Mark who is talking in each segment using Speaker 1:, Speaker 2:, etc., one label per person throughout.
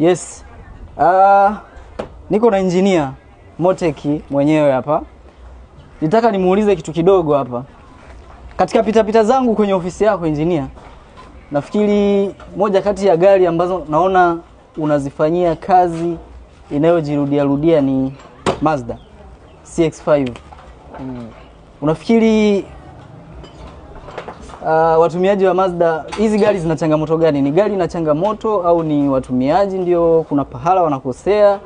Speaker 1: Yes. Uh, niko na engineer Moteki mwenyewe hapa. Nitaka nimuulize kitu kidogo hapa. Katika pitapita pita zangu kwenye ofisi yako engineer, nafikiri moja kati ya gari ambazo naona unazifanyia kazi inayojirudia rudia ni Mazda CX-5. Mm. Unafikiri Uh, watumiaji wa Mazda, hizi gari zina changamoto gani? Ni gari ina changamoto au ni watumiaji ndio kuna pahala wanakosea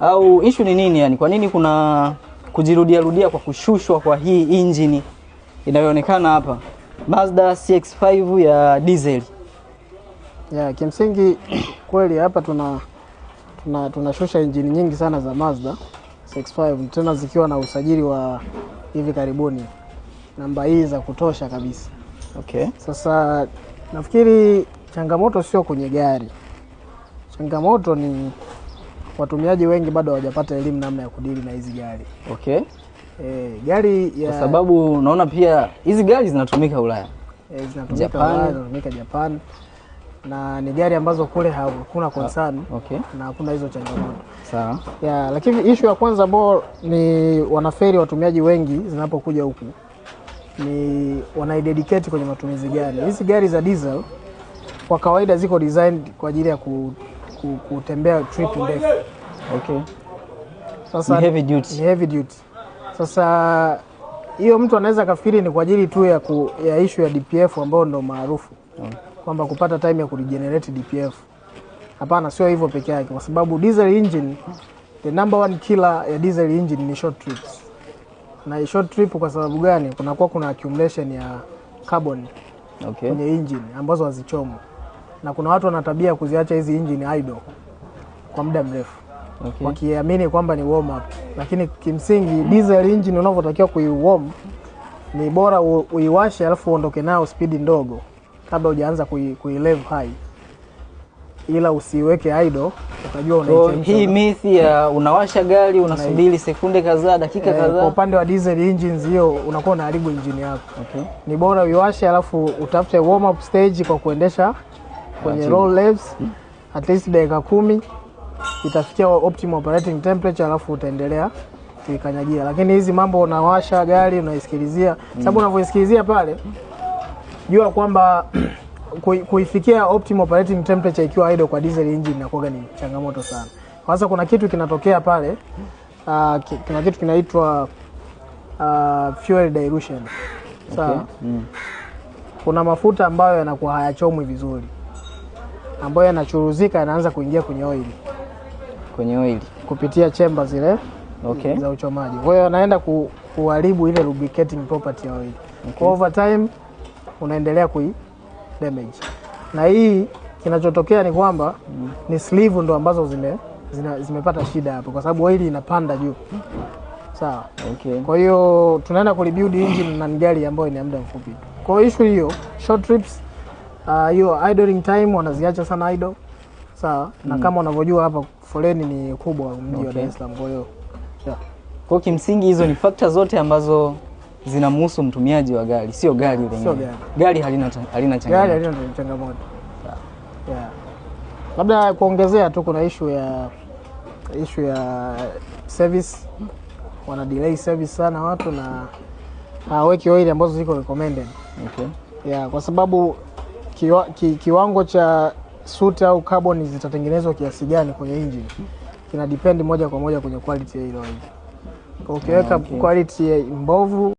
Speaker 1: au issue ni nini? Yani kwa nini kuna kujirudia rudia kwa kushushwa kwa hii injini inayoonekana hapa Mazda CX-5 ya diesel?
Speaker 2: Yeah, kimsingi kweli hapa tuna tunashusha injini nyingi sana za Mazda CX-5 tena zikiwa na usajili wa hivi karibuni, namba hii za kutosha kabisa. Okay. Sasa nafikiri changamoto sio kwenye gari, changamoto ni watumiaji wengi bado hawajapata elimu namna ya kudili na hizi gari. Okay. E, gari ya...
Speaker 1: kwa sababu unaona pia hizi gari zinatumika Ulaya
Speaker 2: e, zinatumika Japan. Ulaya, zinatumika Japan na ni gari ambazo kule hakuna concern ah, okay. na hakuna hizo changamoto sawa. Yeah, lakini issue ya kwanza ambao ni wanaferi watumiaji wengi zinapokuja huku ni wanaidedicate kwenye matumizi gani. Hizi gari za diesel kwa kawaida ziko designed kwa ajili ya ku, ku, kutembea trip ndefu.
Speaker 1: Okay. Sasa ni heavy duty.
Speaker 2: Ni heavy duty. Sasa hiyo mtu anaweza kafikiri ni kwa ajili tu ya, ku, ya issue ya DPF ambayo ndo maarufu mm. kwamba kupata time ya kuregenerate DPF. Hapana, sio hivyo peke yake, kwa sababu diesel engine, the number one killer ya diesel engine ni short trips na short trip kwa sababu gani? Kunakuwa kuna accumulation ya carbon okay, kwenye engine ambazo hazichomo, na kuna watu wana tabia kuziacha hizi engine idle kwa muda mrefu okay, wakiamini kwamba ni warm up, lakini kimsingi diesel engine unavyotakiwa kuiwarm ni bora uiwashe alafu uondoke nayo spidi ndogo kabla hujaanza kui, kui high ila usiweke idle, utajua So,
Speaker 1: hii mithi ya unawasha gari unasubiri sekunde kadhaa, dakika eh, kadhaa. Kwa
Speaker 2: upande wa diesel engines hiyo unakuwa unaharibu injini yako. Okay. Ni bora uiwashe alafu utafute warm up stage kwa kuendesha kwenye low revs hmm. at least dakika kumi itafikia optimal operating temperature, alafu utaendelea kuikanyagia. Lakini hizi mambo unawasha gari unaisikilizia, sababu mm. unavyoisikilizia pale jua kwamba kuifikia optimal operating temperature ikiwa idle kwa diesel engine inakuwa ni changamoto sana. Sasa kuna kitu kinatokea pale uh, kuna kitu kinaitwa uh, fuel dilution. Sawa. Okay. Mm. Kuna mafuta ambayo yanakuwa hayachomwi vizuri ambayo yanachuruzika yanaanza kuingia kwenye oili kwenye oili kupitia chemba zile okay, za uchomaji. Kwa hiyo anaenda ku, kuharibu ile lubricating property ya oil. Okay. Kwa over time unaendelea kui damage, na hii kinachotokea ni kwamba mm. ni sleeve ndo ambazo zime, zimepata shida hapo, kwa sababu oil inapanda juu sawa. Okay. Kwa hiyo tunaenda kulibuild engine na gari ambayo ni muda mfupi. Kwa hiyo issue hiyo short trips ah, hiyo uh, idling time wanaziacha sana idle. Sawa. Mm. Na kama unavyojua hapa foleni ni kubwa mji wa okay. Dar es Salaam, kwa hiyo
Speaker 1: yeah. Kwa kimsingi hizo ni factor zote ambazo zinamhusu mtumiaji wa gari, sio gari lenyewe. Gari halina halina
Speaker 2: changamoto. Yeah. Labda kuongezea tu, kuna ishu ya ishu ya service, wana delay service sana watu na hawaweki oil ambazo ziko recommended. Okay. Yeah, kwa sababu kiwa, ki, kiwango cha soot au carbon zitatengenezwa kiasi gani kwenye engine kina depend moja kwa moja kwenye quality ya ile oil. Ukiweka ah, okay, quality mbovu